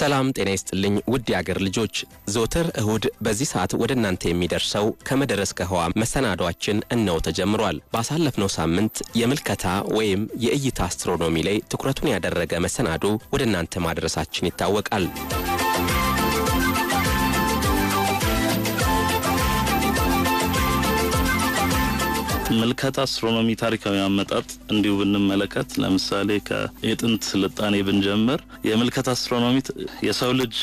ሰላም ጤና ይስጥልኝ ውድ የአገር ልጆች፣ ዘወትር እሁድ በዚህ ሰዓት ወደ እናንተ የሚደርሰው ከመደረስ ከህዋ መሰናዷችን እነው ተጀምሯል። ባሳለፍነው ሳምንት የምልከታ ወይም የእይታ አስትሮኖሚ ላይ ትኩረቱን ያደረገ መሰናዶ ወደ እናንተ ማድረሳችን ይታወቃል። ምልከታ አስትሮኖሚ ታሪካዊ አመጣጥ እንዲሁ ብንመለከት ለምሳሌ ከየጥንት ስልጣኔ ብንጀምር የምልከት አስትሮኖሚ የሰው ልጅ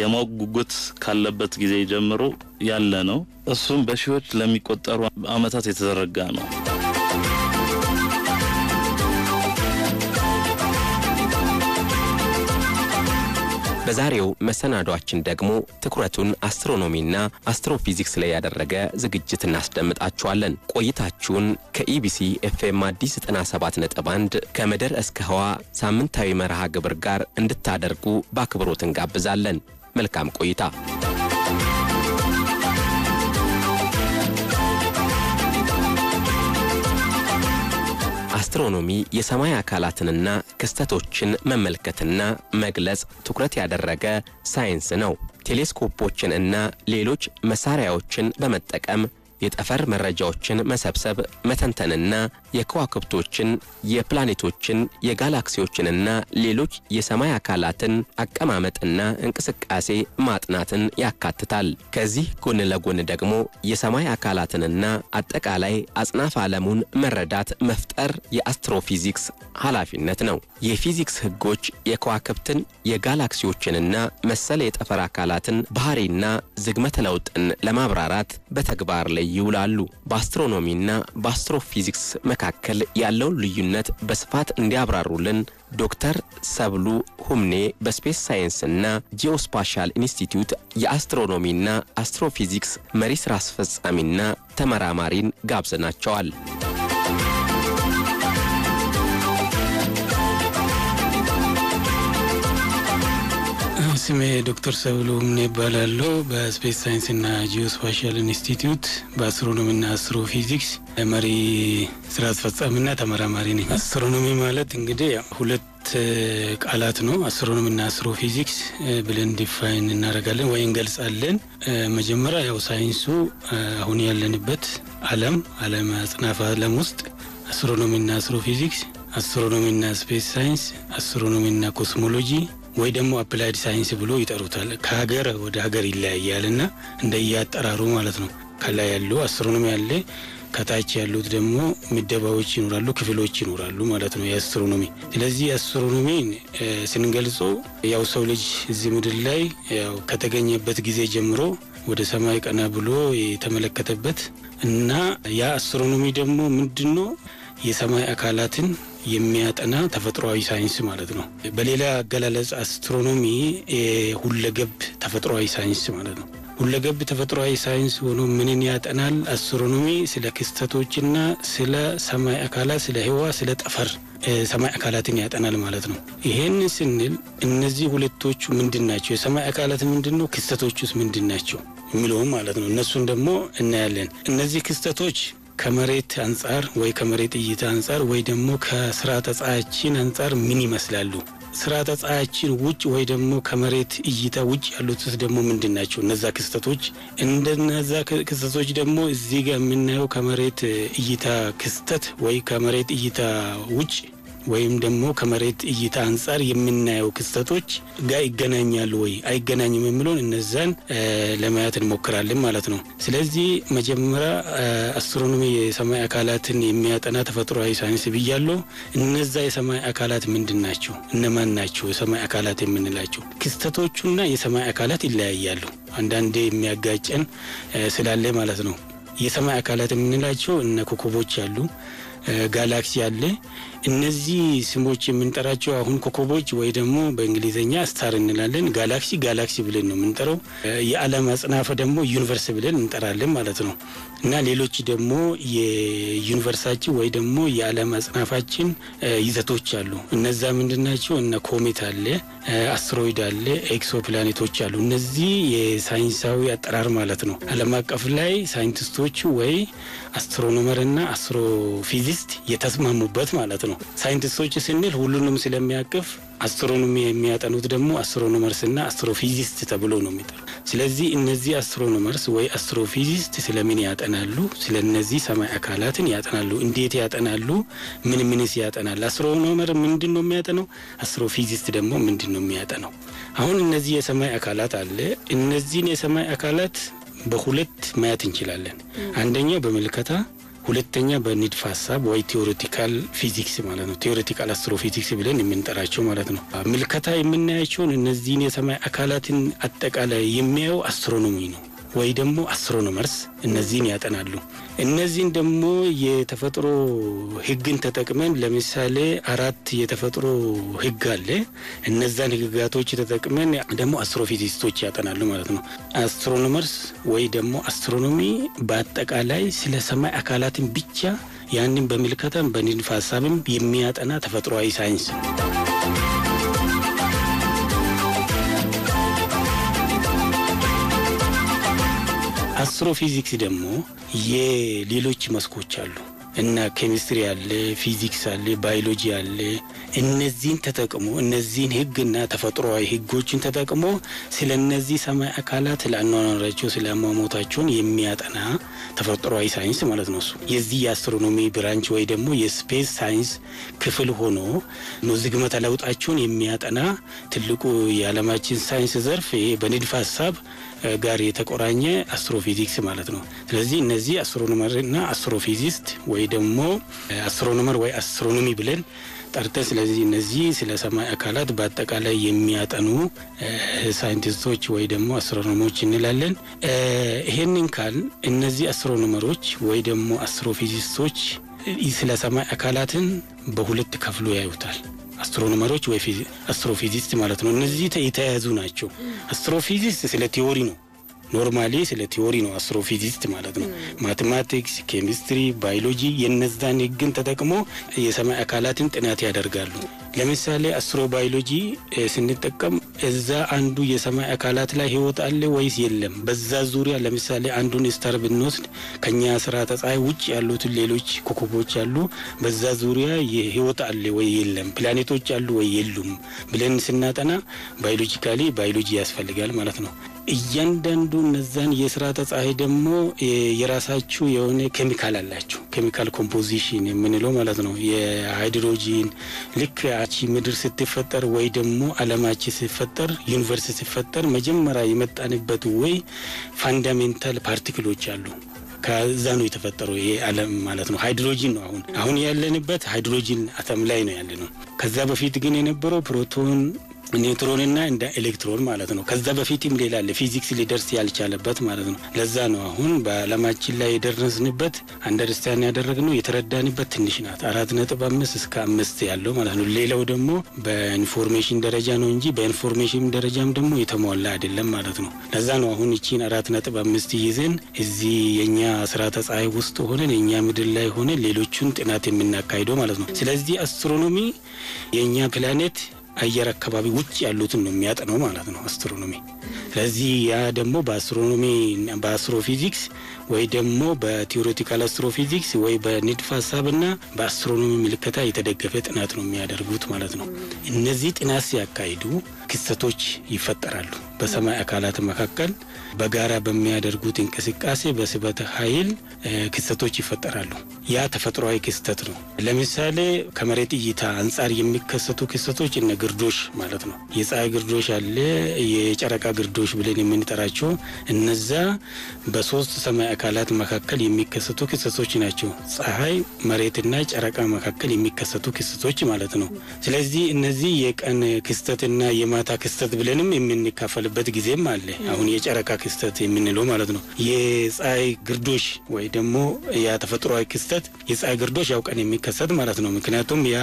የማወቅ ጉጉት ካለበት ጊዜ ጀምሮ ያለ ነው። እሱም በሺዎች ለሚቆጠሩ አመታት የተዘረጋ ነው። በዛሬው መሰናዷችን ደግሞ ትኩረቱን አስትሮኖሚና አስትሮፊዚክስ ላይ ያደረገ ዝግጅት እናስደምጣችኋለን። ቆይታችሁን ከኢቢሲ ኤፍኤም አዲስ 97.1 ከመደር እስከ ህዋ ሳምንታዊ መርሃ ግብር ጋር እንድታደርጉ በአክብሮት እንጋብዛለን። መልካም ቆይታ። አስትሮኖሚ የሰማይ አካላትንና ክስተቶችን መመልከትና መግለጽ ትኩረት ያደረገ ሳይንስ ነው። ቴሌስኮፖችን እና ሌሎች መሳሪያዎችን በመጠቀም የጠፈር መረጃዎችን መሰብሰብ መተንተንና የከዋክብቶችን፣ የፕላኔቶችን፣ የጋላክሲዎችንና ሌሎች የሰማይ አካላትን አቀማመጥና እንቅስቃሴ ማጥናትን ያካትታል። ከዚህ ጎን ለጎን ደግሞ የሰማይ አካላትንና አጠቃላይ አጽናፍ ዓለሙን መረዳት መፍጠር የአስትሮፊዚክስ ኃላፊነት ነው። የፊዚክስ ሕጎች የከዋክብትን የጋላክሲዎችንና መሰል የጠፈር አካላትን ባህሪና ዝግመተ ለውጥን ለማብራራት በተግባር ላይ ይውላሉ። በአስትሮኖሚና በአስትሮፊዚክስ መካከል ያለውን ልዩነት በስፋት እንዲያብራሩልን ዶክተር ሰብሉ ሁምኔ በስፔስ ሳይንስና ጂኦስፓሻል ኢንስቲትዩት የአስትሮኖሚና አስትሮፊዚክስ መሪ ስራ አስፈጻሚና ተመራማሪን ጋብዘናቸዋል። ስሜ ዶክተር ሰብሉ ምን ይባላሉ። በስፔስ ሳይንስና ጂኦስፓሻል ኢንስቲትዩት አስትሮ አስትሮፊዚክስ መሪ ስራ ና ተመራማሪ ነኝ። አስትሮኖሚ ማለት እንግዲህ ሁለት ቃላት ነው። አስትሮ ፊዚክስ ብለን ዲፋይን እናደርጋለን ወይ እንገልጻለን። መጀመሪያ ያው ሳይንሱ አሁን ያለንበት አለም አለም አጽናፈ አለም ውስጥ ፊዚክስ አስትሮኖሚ ና ስፔስ ሳይንስ፣ ና ኮስሞሎጂ ወይ ደግሞ አፕላይድ ሳይንስ ብሎ ይጠሩታል። ከሀገር ወደ ሀገር ይለያያል እና እንደየአጠራሩ ማለት ነው። ከላይ ያሉ አስትሮኖሚ ያለ ከታች ያሉት ደግሞ ምደባዎች ይኖራሉ፣ ክፍሎች ይኖራሉ ማለት ነው የአስትሮኖሚ። ስለዚህ የአስትሮኖሚን ስንገልጾ ያው ሰው ልጅ እዚህ ምድር ላይ ያው ከተገኘበት ጊዜ ጀምሮ ወደ ሰማይ ቀና ብሎ የተመለከተበት እና ያ አስትሮኖሚ ደግሞ ምንድን ነው የሰማይ አካላትን የሚያጠና ተፈጥሯዊ ሳይንስ ማለት ነው። በሌላ አገላለጽ አስትሮኖሚ የሁለገብ ተፈጥሯዊ ሳይንስ ማለት ነው። ሁለገብ ተፈጥሯዊ ሳይንስ ሆኖ ምንን ያጠናል? አስትሮኖሚ ስለ ክስተቶችና ስለ ሰማይ አካላት፣ ስለ ህዋ፣ ስለ ጠፈር ሰማይ አካላትን ያጠናል ማለት ነው። ይሄን ስንል እነዚህ ሁለቶቹ ምንድን ናቸው? የሰማይ አካላት ምንድን ነው? ክስተቶቹስ ምንድን ናቸው የሚለውም ማለት ነው። እነሱን ደግሞ እናያለን። እነዚህ ክስተቶች ከመሬት አንጻር ወይ ከመሬት እይታ አንጻር ወይ ደግሞ ከስርዓተ ፀሐያችን አንጻር ምን ይመስላሉ? ስርዓተ ፀሐያችን ውጭ ወይ ደግሞ ከመሬት እይታ ውጭ ያሉትስ ደግሞ ምንድን ናቸው? እነዛ ክስተቶች እንደነዛ ክስተቶች ደግሞ እዚህ ጋር የምናየው ከመሬት እይታ ክስተት ወይ ከመሬት እይታ ውጭ ወይም ደግሞ ከመሬት እይታ አንጻር የምናየው ክስተቶች ጋር ይገናኛሉ ወይ አይገናኝም የሚለውን እነዛን ለማየት እንሞክራለን ማለት ነው። ስለዚህ መጀመሪያ አስትሮኖሚ የሰማይ አካላትን የሚያጠና ተፈጥሯዊ ሳይንስ ብያለሁ። እነዛ የሰማይ አካላት ምንድን ናቸው? እነማን ናቸው? የሰማይ አካላት የምንላቸው ክስተቶቹና የሰማይ አካላት ይለያያሉ። አንዳንዴ የሚያጋጨን ስላለ ማለት ነው። የሰማይ አካላት የምንላቸው እነ ኮከቦች አሉ ጋላክሲ አለ። እነዚህ ስሞች የምንጠራቸው አሁን ኮከቦች ወይ ደግሞ በእንግሊዝኛ ስታር እንላለን። ጋላክሲ ጋላክሲ ብለን ነው የምንጠራው። የዓለም አጽናፈ ደግሞ ዩኒቨርስ ብለን እንጠራለን ማለት ነው እና ሌሎች ደግሞ የዩኒቨርሳችን ወይ ደግሞ የዓለም አጽናፋችን ይዘቶች አሉ። እነዛ ምንድናቸው? እነ ኮሜት አለ፣ አስትሮይድ አለ፣ ኤክሶ ፕላኔቶች አሉ። እነዚህ የሳይንሳዊ አጠራር ማለት ነው። ዓለም አቀፍ ላይ ሳይንቲስቶቹ ወይ አስትሮኖመርና አስትሮፊዚስ ሳይንቲስት የተስማሙበት ማለት ነው። ሳይንቲስቶች ስንል ሁሉንም ስለሚያቅፍ አስትሮኖሚ የሚያጠኑት ደግሞ አስትሮኖመርስና አስትሮፊዚስት ተብሎ ነው የሚጠሩ። ስለዚህ እነዚህ አስትሮኖመርስ ወይ አስትሮፊዚስት ስለምን ያጠናሉ? ስለ እነዚህ ሰማይ አካላትን ያጠናሉ። እንዴት ያጠናሉ? ምን ምንስ ያጠናል? አስትሮኖመር ምንድን ነው የሚያጠነው? አስትሮፊዚስት ደግሞ ምንድን ነው የሚያጠነው? አሁን እነዚህ የሰማይ አካላት አለ። እነዚህን የሰማይ አካላት በሁለት ማየት እንችላለን። አንደኛው በምልከታ ሁለተኛ በንድፍ ሀሳብ ወይ ቴዎሬቲካል ፊዚክስ ማለት ነው። ቴዎሬቲካል አስትሮፊዚክስ ብለን የምንጠራቸው ማለት ነው። ምልከታ የምናያቸውን እነዚህን የሰማይ አካላትን አጠቃላይ የሚያየው አስትሮኖሚ ነው። ወይ ደግሞ አስትሮኖመርስ እነዚህን ያጠናሉ። እነዚህን ደግሞ የተፈጥሮ ህግን ተጠቅመን ለምሳሌ አራት የተፈጥሮ ህግ አለ። እነዛን ህግጋቶች ተጠቅመን ደግሞ አስትሮፊዚስቶች ያጠናሉ ማለት ነው። አስትሮኖመርስ ወይ ደግሞ አስትሮኖሚ በአጠቃላይ ስለ ሰማይ አካላትን ብቻ ያንን በምልከታም በንድፈ ሀሳብም የሚያጠና ተፈጥሯዊ ሳይንስ አስትሮፊዚክስ ደግሞ የሌሎች መስኮች አሉ እና ኬሚስትሪ አለ፣ ፊዚክስ አለ፣ ባዮሎጂ አለ። እነዚህን ተጠቅሞ እነዚህን ህግና ተፈጥሮዊ ህጎችን ተጠቅሞ ስለ እነዚህ ሰማይ አካላት ለአኗኗራቸው ስለ አሟሟታቸውን የሚያጠና ተፈጥሮዊ ሳይንስ ማለት ነው። እሱ የዚህ የአስትሮኖሚ ብራንች ወይ ደግሞ የስፔስ ሳይንስ ክፍል ሆኖ ዝግመተ ለውጣቸውን የሚያጠና ትልቁ የዓለማችን ሳይንስ ዘርፍ በንድፈ ሀሳብ ጋር የተቆራኘ አስትሮፊዚክስ ማለት ነው። ስለዚህ እነዚህ አስትሮኖመር እና አስትሮፊዚስት ወይ ደግሞ አስትሮኖመር ወይ አስትሮኖሚ ብለን ጠርተ ስለዚህ እነዚህ ስለ ሰማይ አካላት በአጠቃላይ የሚያጠኑ ሳይንቲስቶች ወይ ደግሞ አስትሮኖሞች እንላለን። ይሄንን ካል እነዚህ አስትሮኖመሮች ወይ ደግሞ አስትሮፊዚስቶች ስለ ሰማይ አካላትን በሁለት ከፍሎ ያዩታል። አስትሮኖመሮች ወይ አስትሮፊዚስት ማለት ነው። እነዚህ የተያያዙ ናቸው። አስትሮፊዚስት ስለ ቲዎሪ ነው። ኖርማሊ ስለ ቲዎሪ ነው አስትሮፊዚስት ማለት ነው። ማቴማቲክስ፣ ኬሚስትሪ፣ ባዮሎጂ የነዛን ህግን ተጠቅሞ የሰማይ አካላትን ጥናት ያደርጋሉ። ለምሳሌ አስትሮ ባዮሎጂ ስንጠቀም እዛ አንዱ የሰማይ አካላት ላይ ህይወት አለ ወይስ የለም፣ በዛ ዙሪያ ለምሳሌ አንዱን ስታር ብንወስድ ከኛ ስርዓተ ፀሐይ ውጭ ያሉትን ሌሎች ኮከቦች አሉ፣ በዛ ዙሪያ ህይወት አለ ወይ የለም፣ ፕላኔቶች አሉ ወይ የሉም ብለን ስናጠና ባዮሎጂካሊ ባዮሎጂ ያስፈልጋል ማለት ነው። እያንዳንዱ እነዛን የስርዓተ ፀሐይ ደግሞ የራሳችሁ የሆነ ኬሚካል አላችሁ ኬሚካል ኮምፖዚሽን የምንለው ማለት ነው። የሃይድሮጂን ልክ አቺ ምድር ስትፈጠር ወይ ደግሞ አለማች ሲፈጠር ዩኒቨርስ ሲፈጠር መጀመሪያ የመጣንበት ወይ ፋንዳሜንታል ፓርቲክሎች አሉ ከዛ ነው የተፈጠረው ይሄ አለም ማለት ነው። ሃይድሮጂን ነው አሁን አሁን ያለንበት ሃይድሮጂን አተም ላይ ነው ያለ ነው። ከዛ በፊት ግን የነበረው ፕሮቶን ኒውትሮንና እንደ ኤሌክትሮን ማለት ነው። ከዛ በፊትም ሌላ አለ ፊዚክስ ሊደርስ ያልቻለበት ማለት ነው። ለዛ ነው አሁን በዓለማችን ላይ የደረስንበት አንደርስታን ያደረግነው የተረዳንበት ትንሽ ናት፣ አራት ነጥብ አምስት እስከ አምስት ያለው ማለት ነው። ሌላው ደግሞ በኢንፎርሜሽን ደረጃ ነው እንጂ በኢንፎርሜሽን ደረጃም ደግሞ የተሟላ አይደለም ማለት ነው። ለዛ ነው አሁን እቺን አራት ነጥብ አምስት ይዘን እዚህ የእኛ ስርዓተ ፀሐይ ውስጥ ሆነን የእኛ ምድር ላይ ሆነን ሌሎቹን ጥናት የምናካሂደው ማለት ነው። ስለዚህ አስትሮኖሚ የእኛ ፕላኔት አየር አካባቢ ውጭ ያሉትን ነው የሚያጠነው ማለት ነው አስትሮኖሚ። ስለዚህ ያ ደግሞ በአስትሮኖሚ በአስትሮፊዚክስ ወይ ደግሞ በቲዎሬቲካል አስትሮፊዚክስ ወይ በንድፍ ሀሳብና በአስትሮኖሚ ምልከታ የተደገፈ ጥናት ነው የሚያደርጉት ማለት ነው። እነዚህ ጥናት ሲያካሂዱ ክስተቶች ይፈጠራሉ። በሰማይ አካላት መካከል በጋራ በሚያደርጉት እንቅስቃሴ በስበት ኃይል ክስተቶች ይፈጠራሉ። ያ ተፈጥሯዊ ክስተት ነው። ለምሳሌ ከመሬት እይታ አንጻር የሚከሰቱ ክስተቶች እነ ግርዶሽ ማለት ነው። የፀሐይ ግርዶሽ አለ፣ የጨረቃ ግርዶሽ ብለን የምንጠራቸው እነዛ በሶስት ሰማይ አካላት መካከል የሚከሰቱ ክስተቶች ናቸው። ፀሐይ፣ መሬትና ጨረቃ መካከል የሚከሰቱ ክስተቶች ማለት ነው። ስለዚህ እነዚህ የቀን ክስተትና የማታ ክስተት ብለንም የምንካፈልበት ጊዜም አለ። አሁን የጨረቃ ክስተት የምንለው ማለት ነው። የፀሐይ ግርዶሽ ወይ ደግሞ ያ ተፈጥሯዊ ክስተት የፀሐይ ግርዶሽ ያው ቀን የሚከሰት ማለት ነው። ምክንያቱም ያ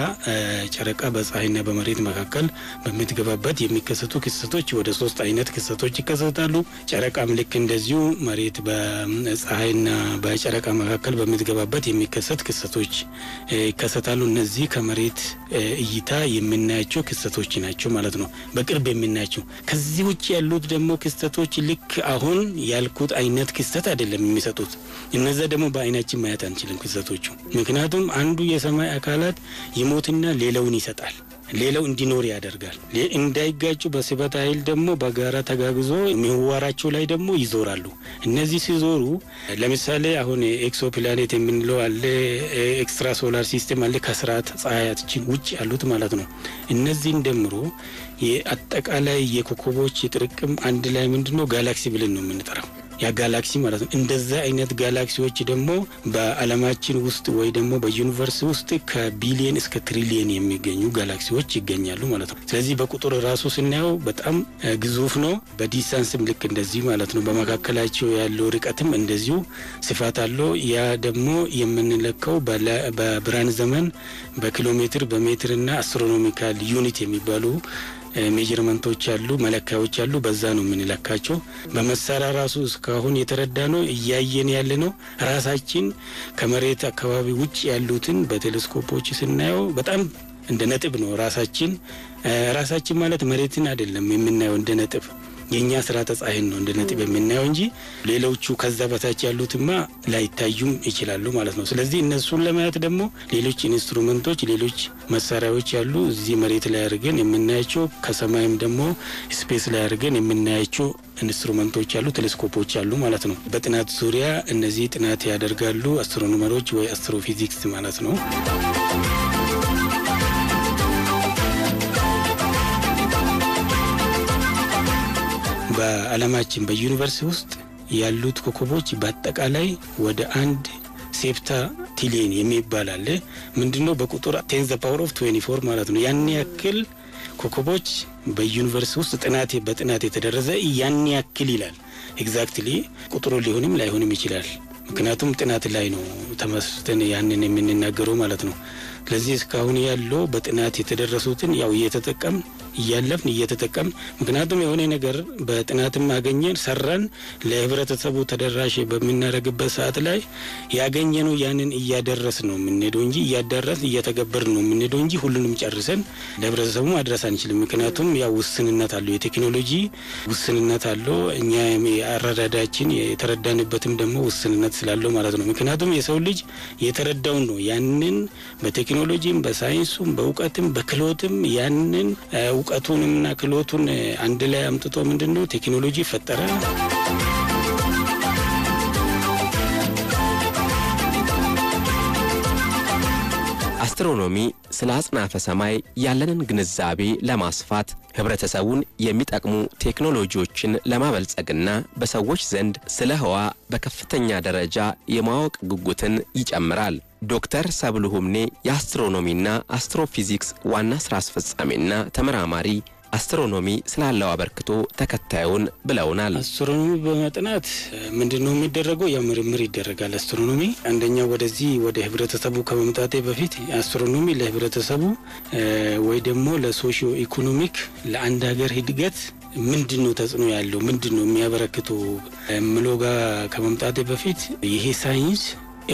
ጨረቃ በፀሐይና በመሬት መካከል በምትገባበት የሚከሰቱ ክስተቶች ወደ ሶስት አይነት ክስተቶች ይከሰታሉ። ጨረቃም ልክ እንደዚሁ መሬት በፀሐይና በጨረቃ መካከል በምትገባበት የሚከሰት ክስተቶች ይከሰታሉ። እነዚህ ከመሬት እይታ የምናያቸው ክስተቶች ናቸው ማለት ነው፣ በቅርብ የምናያቸው። ከዚህ ውጭ ያሉት ደግሞ ክስተቶች ልክ አሁን ያልኩት አይነት ክስተት አይደለም የሚሰጡት። እነዛ ደግሞ በአይናችን ማየት አንችልም ክስተቶቹ፣ ምክንያቱም አንዱ የሰማይ አካላት ይሞትና ሌላውን ይሰጣል። ሌላው እንዲኖር ያደርጋል። እንዳይጋጩ በስበት ኃይል ደግሞ በጋራ ተጋግዞ ምህዋራቸው ላይ ደግሞ ይዞራሉ። እነዚህ ሲዞሩ ለምሳሌ አሁን ኤክሶ ፕላኔት የምንለው አለ፣ ኤክስትራ ሶላር ሲስተም አለ፣ ከስርዓት ፀሐያችን ውጭ ያሉት ማለት ነው። እነዚህን ደምሮ የአጠቃላይ የኮከቦች ጥርቅም አንድ ላይ ምንድነው ጋላክሲ ብለን ነው የምንጠራው። ያ ጋላክሲ ማለት ነው። እንደዛ አይነት ጋላክሲዎች ደግሞ በአለማችን ውስጥ ወይ ደግሞ በዩኒቨርስ ውስጥ ከቢሊየን እስከ ትሪሊየን የሚገኙ ጋላክሲዎች ይገኛሉ ማለት ነው። ስለዚህ በቁጥር ራሱ ስናየው በጣም ግዙፍ ነው። በዲስታንስም ልክ እንደዚሁ ማለት ነው። በመካከላቸው ያለው ርቀትም እንደዚሁ ስፋት አለው። ያ ደግሞ የምንለካው በብርሃን ዘመን በኪሎ ሜትር በሜትርና አስትሮኖሚካል ዩኒት የሚባሉ ሜጀርመንቶች አሉ፣ መለካዮች አሉ። በዛ ነው የምንለካቸው። በመሳሪያ ራሱ እስካሁን የተረዳ ነው እያየን ያለ ነው። ራሳችን ከመሬት አካባቢ ውጭ ያሉትን በቴሌስኮፖች ስናየው በጣም እንደ ነጥብ ነው። ራሳችን ራሳችን ማለት መሬትን አይደለም የምናየው እንደ ነጥብ የእኛ ስራ ፀሐይን ነው እንደ ነጥብ የምናየው እንጂ ሌሎቹ ከዛ በታች ያሉትማ ላይታዩም ይችላሉ ማለት ነው። ስለዚህ እነሱን ለማየት ደግሞ ሌሎች ኢንስትሩመንቶች፣ ሌሎች መሳሪያዎች ያሉ እዚህ መሬት ላይ አድርገን የምናያቸው ከሰማይም ደግሞ ስፔስ ላይ አድርገን የምናያቸው ኢንስትሩመንቶች አሉ፣ ቴሌስኮፖች አሉ ማለት ነው። በጥናት ዙሪያ እነዚህ ጥናት ያደርጋሉ አስትሮኖመሮች ወይ አስትሮፊዚክስ ማለት ነው። በዓለማችን በዩኒቨርስ ውስጥ ያሉት ኮከቦች በአጠቃላይ ወደ አንድ ሴፕታ ቲሊየን የሚባል አለ። ምንድነው? በቁጥር ቴን ዘ ፓወር ኦፍ ትዌንቲ ፎር ማለት ነው። ያን ያክል ኮከቦች በዩኒቨርስ ውስጥ ጥናት በጥናት የተደረሰ ያን ያክል ይላል። ኤግዛክትሊ ቁጥሩ ሊሆንም ላይሆንም ይችላል። ምክንያቱም ጥናት ላይ ነው ተመስርተን ያንን የምንናገረው ማለት ነው። ስለዚህ እስካሁን ያለው በጥናት የተደረሱትን ያው እየተጠቀም እያለፍን እየተጠቀም ምክንያቱም የሆነ ነገር በጥናትም አገኘን ሰራን ለህብረተሰቡ ተደራሽ በምናደርግበት ሰዓት ላይ ያገኘነው ያንን እያደረስ ነው የምንሄደው እንጂ እያዳረስ እየተገበር ነው የምንሄደው እንጂ ሁሉንም ጨርሰን ለህብረተሰቡ ማድረስ አንችልም። ምክንያቱም ያው ውስንነት አለው፣ የቴክኖሎጂ ውስንነት አለው። እኛ አረዳዳችን የተረዳንበትም ደግሞ ውስንነት ስላለው ማለት ነው። ምክንያቱም የሰው ልጅ የተረዳውን ነው ያንን በቴክኖሎጂም በሳይንሱም በእውቀትም በክሎትም ያንን እውቀቱንና ክህሎቱን አንድ ላይ አምጥቶ ምንድን ነው ቴክኖሎጂ ፈጠረ። አስትሮኖሚ ስለ አጽናፈ ሰማይ ያለንን ግንዛቤ ለማስፋት ህብረተሰቡን የሚጠቅሙ ቴክኖሎጂዎችን ለማበልጸግና በሰዎች ዘንድ ስለ ህዋ በከፍተኛ ደረጃ የማወቅ ጉጉትን ይጨምራል። ዶክተር ሰብሉ ሁምኔ የአስትሮኖሚና አስትሮፊዚክስ ዋና ሥራ አስፈጻሚና ተመራማሪ አስትሮኖሚ ስላለው አበርክቶ ተከታዩን ብለውናል። አስትሮኖሚ በመጥናት ምንድን ነው የሚደረገው? ያ ምርምር ይደረጋል። አስትሮኖሚ አንደኛ ወደዚህ ወደ ህብረተሰቡ ከመምጣቴ በፊት አስትሮኖሚ ለህብረተሰቡ ወይ ደግሞ ለሶሺዮ ኢኮኖሚክ ለአንድ ሀገር እድገት ምንድን ነው ተጽዕኖ ያለው ምንድን ነው የሚያበረክቱ ምሎጋ ከመምጣቴ በፊት ይሄ ሳይንስ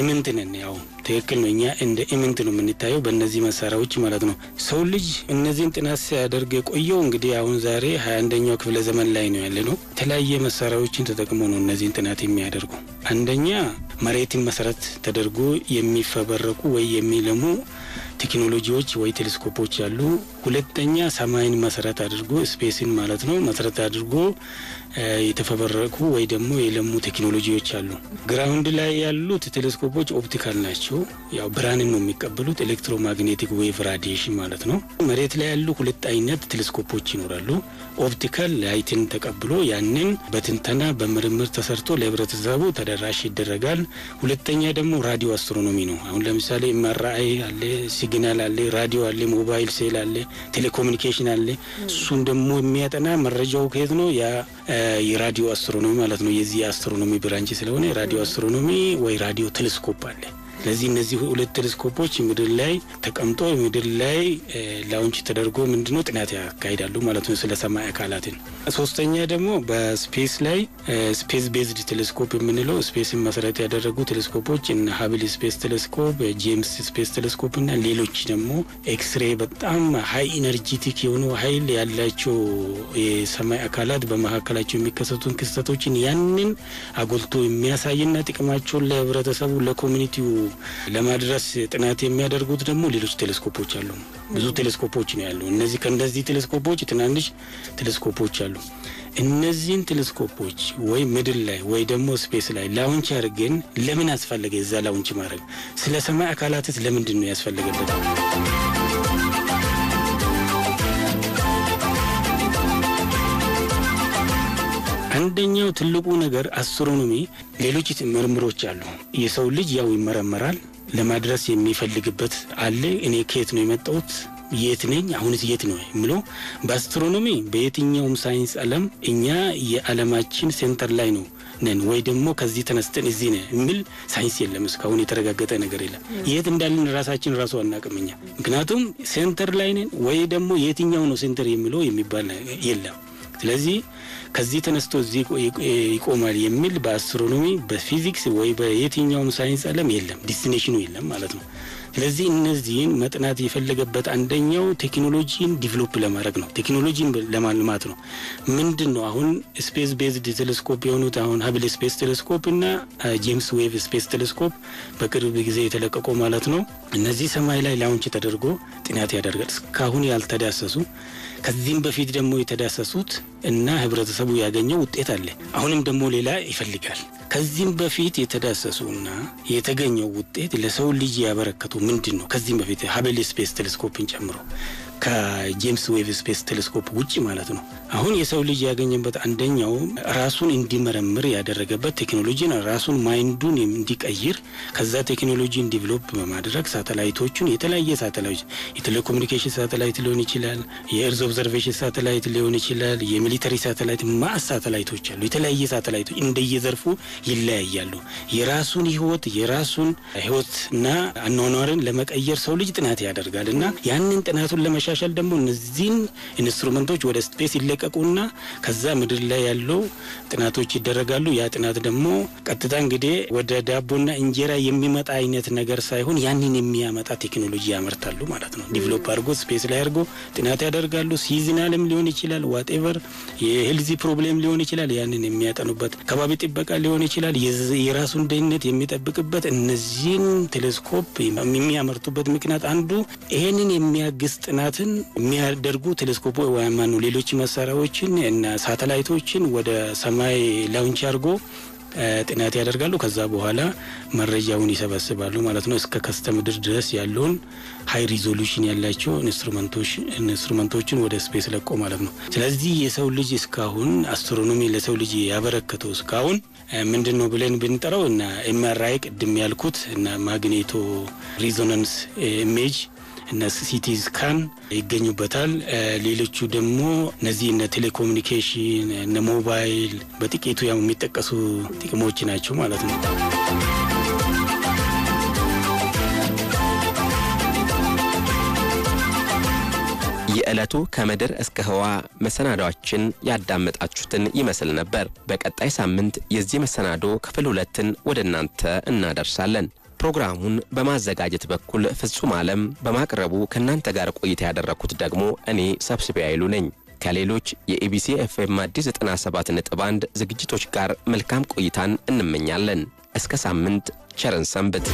ኢምንት ነን። ያው ትክክል ነው። እኛ እንደ ኢምንት ነው የምንታየው በእነዚህ መሳሪያዎች ማለት ነው። ሰው ልጅ እነዚህን ጥናት ሲያደርግ የቆየው እንግዲህ አሁን ዛሬ ሀያ አንደኛው ክፍለ ዘመን ላይ ነው ያለ ነው። የተለያየ መሳሪያዎችን ተጠቅሞ ነው እነዚህን ጥናት የሚያደርጉ። አንደኛ መሬትን መሰረት ተደርጎ የሚፈበረቁ ወይ የሚለሙ ቴክኖሎጂዎች ወይ ቴሌስኮፖች ያሉ፣ ሁለተኛ ሰማይን መሰረት አድርጎ ስፔስን ማለት ነው መሰረት አድርጎ የተፈበረኩ ወይ ደግሞ የለሙ ቴክኖሎጂዎች አሉ። ግራውንድ ላይ ያሉት ቴሌስኮፖች ኦፕቲካል ናቸው። ያው ብርሃንን ነው የሚቀበሉት፣ ኤሌክትሮማግኔቲክ ዌቭ ራዲሽን ማለት ነው። መሬት ላይ ያሉ ሁለት አይነት ቴሌስኮፖች ይኖራሉ። ኦፕቲካል ላይትን ተቀብሎ ያንን በትንተና በምርምር ተሰርቶ ለህብረተሰቡ ተደራሽ ይደረጋል። ሁለተኛ ደግሞ ራዲዮ አስትሮኖሚ ነው። አሁን ለምሳሌ ኤምአርአይ አለ ሲግናል አለ፣ ራዲዮ አለ፣ ሞባይል ሴል አለ፣ ቴሌኮሙኒኬሽን አለ። እሱን ደግሞ የሚያጠና መረጃው ከየት ነው? ያ የራዲዮ አስትሮኖሚ ማለት ነው። የዚህ የአስትሮኖሚ ብራንች ስለሆነ ራዲዮ አስትሮኖሚ ወይ ራዲዮ ቴሌስኮፕ አለ ስለዚህ እነዚህ ሁለት ቴሌስኮፖች ምድር ላይ ተቀምጦ ምድር ላይ ላውንች ተደርጎ ምንድነው ጥናት ያካሂዳሉ ማለት ነው ስለ ሰማይ አካላትን። ሶስተኛ ደግሞ በስፔስ ላይ ስፔስ ቤዝድ ቴሌስኮፕ የምንለው ስፔስን መሰረት ያደረጉ ቴሌስኮፖች እነ ሀብል ስፔስ ቴሌስኮፕ፣ ጄምስ ስፔስ ቴሌስኮፕ እና ሌሎች ደግሞ ኤክስሬ በጣም ሀይ ኢነርጂቲክ የሆኑ ሀይል ያላቸው የሰማይ አካላት በመካከላቸው የሚከሰቱን ክስተቶችን ያንን አጎልቶ የሚያሳይና ጥቅማቸውን ለህብረተሰቡ ለኮሚኒቲው ለማድረስ ጥናት የሚያደርጉት ደግሞ ሌሎች ቴሌስኮፖች አሉ። ብዙ ቴሌስኮፖች ነው ያሉ። እነዚህ ከእነዚህ ቴሌስኮፖች ትናንሽ ቴሌስኮፖች አሉ። እነዚህን ቴሌስኮፖች ወይ ምድር ላይ ወይ ደግሞ ስፔስ ላይ ላውንች አድርገን ለምን አስፈለገ? እዛ ላውንች ማድረግ ስለ ሰማይ አካላትስ ለምንድን ነው ያስፈለገበት? አንደኛው ትልቁ ነገር አስትሮኖሚ፣ ሌሎች ምርምሮች አሉ። የሰው ልጅ ያው ይመረመራል። ለማድረስ የሚፈልግበት አለ። እኔ ከየት ነው የመጣሁት የት ነኝ አሁንስ የት ነው የምለ በአስትሮኖሚ በየትኛውም ሳይንስ ዓለም እኛ የዓለማችን ሴንተር ላይ ነው ነን ወይ ደግሞ ከዚህ ተነስተን እዚህ ነ የሚል ሳይንስ የለም። እስካሁን የተረጋገጠ ነገር የለም። የት እንዳለን ራሳችን ራሱ አናቅም እኛ ምክንያቱም ሴንተር ላይ ነን ወይ ደግሞ የትኛው ነው ሴንተር የሚለው የሚባል የለም። ስለዚህ ከዚህ ተነስቶ እዚህ ይቆማል የሚል በአስትሮኖሚ በፊዚክስ ወይ በየትኛውም ሳይንስ አለም የለም፣ ዲስቲኔሽኑ የለም ማለት ነው። ስለዚህ እነዚህን መጥናት የፈለገበት አንደኛው ቴክኖሎጂን ዲቨሎፕ ለማድረግ ነው፣ ቴክኖሎጂን ለማልማት ነው። ምንድን ነው አሁን ስፔስ ቤዝድ ቴሌስኮፕ የሆኑት አሁን ሀብል ስፔስ ቴሌስኮፕ እና ጄምስ ዌብ ስፔስ ቴሌስኮፕ በቅርብ ጊዜ የተለቀቁ ማለት ነው። እነዚህ ሰማይ ላይ ላውንች ተደርጎ ጥናት ያደርጋል። እስካሁን ያልተዳሰሱ ከዚህም በፊት ደግሞ የተዳሰሱት እና ህብረተሰቡ ያገኘው ውጤት አለ። አሁንም ደግሞ ሌላ ይፈልጋል። ከዚህም በፊት የተዳሰሱና የተገኘው ውጤት ለሰው ልጅ ያበረከቱ ምንድን ነው? ከዚህም በፊት ሀቤል ስፔስ ቴሌስኮፕን ጨምሮ ከጄምስ ዌብ ስፔስ ቴሌስኮፕ ውጭ ማለት ነው። አሁን የሰው ልጅ ያገኘበት አንደኛው ራሱን እንዲመረምር ያደረገበት ቴክኖሎጂ ነው። ራሱን ማይንዱን እንዲቀይር ከዛ ቴክኖሎጂ እንዲቨሎፕ በማድረግ ሳተላይቶቹን የተለያየ ሳተላይት የቴሌኮሙኒኬሽን ሳተላይት ሊሆን ይችላል፣ የእርዝ ኦብዘርቬሽን ሳተላይት ሊሆን ይችላል፣ የሚሊተሪ ሳተላይት ማስ ሳተላይቶች አሉ። የተለያየ ሳተላይቶች እንደየዘርፉ ይለያያሉ። የራሱን ህይወት የራሱን ህይወትና አኗኗርን ለመቀየር ሰው ልጅ ጥናት ያደርጋል እና ያንን ጥናቱን ለመ ለማሻሻል ደግሞ እነዚህን ኢንስትሩመንቶች ወደ ስፔስ ይለቀቁና ከዛ ምድር ላይ ያለው ጥናቶች ይደረጋሉ። ያ ጥናት ደግሞ ቀጥታ እንግዲህ ወደ ዳቦና እንጀራ የሚመጣ አይነት ነገር ሳይሆን ያንን የሚያመጣ ቴክኖሎጂ ያመርታሉ ማለት ነው። ዲቨሎፕ አድርጎ ስፔስ ላይ አድርጎ ጥናት ያደርጋሉ። ሲዝናልም ሊሆን ይችላል፣ ዋቴቨር የሄልዚ ፕሮብሌም ሊሆን ይችላል። ያንን የሚያጠኑበት ከባቢ ጥበቃ ሊሆን ይችላል፣ የራሱን ደህንነት የሚጠብቅበት እነዚህን ቴሌስኮፕ የሚያመርቱበት ምክንያት አንዱ ይሄንን የሚያግስ ጥናት ጥናትን የሚያደርጉ ቴሌስኮፖ ወይማኑ ሌሎች መሳሪያዎችን እና ሳተላይቶችን ወደ ሰማይ ላውንች አድርጎ ጥናት ያደርጋሉ። ከዛ በኋላ መረጃውን ይሰበስባሉ ማለት ነው። እስከ ከስተ ምድር ድረስ ያለውን ሀይ ሪዞሉሽን ያላቸው ኢንስትሩመንቶችን ወደ ስፔስ ለቆ ማለት ነው። ስለዚህ የሰው ልጅ እስካሁን አስትሮኖሚ ለሰው ልጅ ያበረከተው እስካሁን ምንድን ነው ብለን ብንጠራው እና ኤምአርአይ ቅድም ያልኩት እና ማግኔቶ ሪዞናንስ ኢሜጅ እነ ሲቲ ስካን ይገኙበታል። ሌሎቹ ደግሞ እነዚህ እነ ቴሌኮሙኒኬሽን፣ እነ ሞባይል በጥቂቱ ያው የሚጠቀሱ ጥቅሞች ናቸው ማለት ነው። የዕለቱ ከምድር እስከ ህዋ መሰናዷችን ያዳመጣችሁትን ይመስል ነበር። በቀጣይ ሳምንት የዚህ መሰናዶ ክፍል ሁለትን ወደ እናንተ እናደርሳለን። ፕሮግራሙን በማዘጋጀት በኩል ፍጹም ዓለም በማቅረቡ ከእናንተ ጋር ቆይታ ያደረግኩት ደግሞ እኔ ሰብስቤ አይሉ ነኝ። ከሌሎች የኢቢሲ ኤፍኤም አዲስ 97 ነጥብ 1 ዝግጅቶች ጋር መልካም ቆይታን እንመኛለን። እስከ ሳምንት ቸርን ሰንብት።